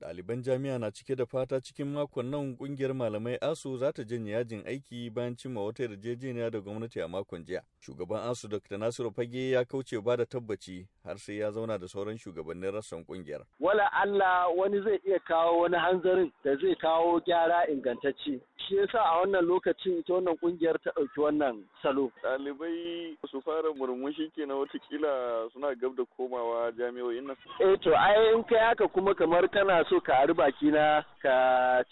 Ɗaliban jami'a na cike da fata cikin makon nan kungiyar malamai ASU za ta janye yajin aiki bayan cimma wata yarjejeniya da gwamnati a makon jiya. Shugaban ASU Dr. Nasiru Fage ya kauce ba da tabbaci har sai ya zauna da sauran shugabannin rassan kungiyar. Wala Allah wani zai iya kawo wani hanzarin da zai kawo gyara ingantacce. shi yasa a wannan lokacin ita wannan kungiyar ta ɗauki wannan salo. Ɗalibai su fara murmushi kenan watakila suna gab da komawa jami'o'in nan. Eh to ai in kai haka kuma kamar kana so ka ari baki na ka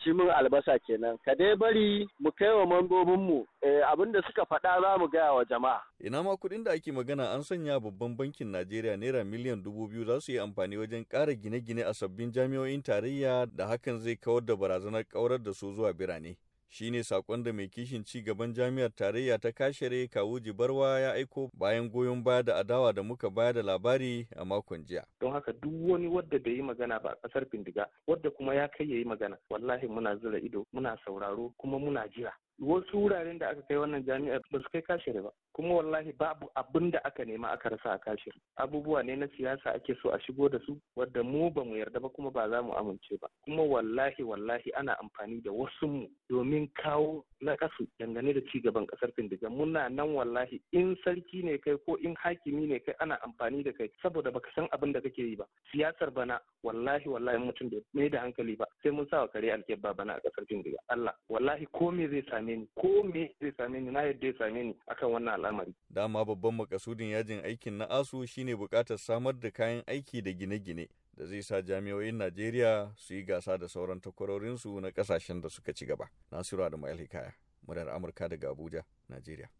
ci min albasa kenan ka dai bari mu kai wa mambobinmu eh, abin da suka faɗa za mu gaya wa jama'a. Ina ma kuɗin da ake magana an sanya babban bankin Najeriya naira miliyan dubu biyu za su yi amfani wajen ƙara gine-gine a sabbin jami'o'in tarayya da hakan zai kawar da barazanar kaurar da su zuwa birane. shi ne saƙon da mai kishin ci gaban jami'ar tarayya ta kashere kawo jibarwa ya aiko bayan goyon baya da adawa da muka baya da labari a makon jiya. don haka duk wani wadda bai yi magana ba a ƙasar bindiga wadda kuma ya kai yayi magana wallahi muna zira ido muna sauraro kuma muna jira wasu wuraren da aka kai wannan jami'ar ba su kai kashere ba kuma wallahi babu abin da aka nema aka rasa a kashir abubuwa ne na siyasa ake so a shigo da su wadda mu ba mu yarda ba kuma ba za mu amince ba kuma wallahi wallahi ana amfani da wasu mu domin kawo na dangane da cigaban kasar findiga muna nan wallahi in sarki ne kai ko in hakimi ne kai ana amfani da kai saboda baka san abin da kake yi ba siyasar bana wallahi wallahi mutum bai mai da hankali ba sai mun wa kare alkebba bana a kasar bindiga Allah wallahi ko me zai same ni ko me zai same ni na yadda ya same ni akan wannan al'amari dama babban makasudin yajin aikin na asu shine bukatar samar da kayan aiki da gine-gine da zai sa jami'o'in Najeriya su yi gasa da sauran takwarorinsu na kasashen da suka ci gaba Nasiru Adamu Alhikaya murar Amurka daga Abuja Najeriya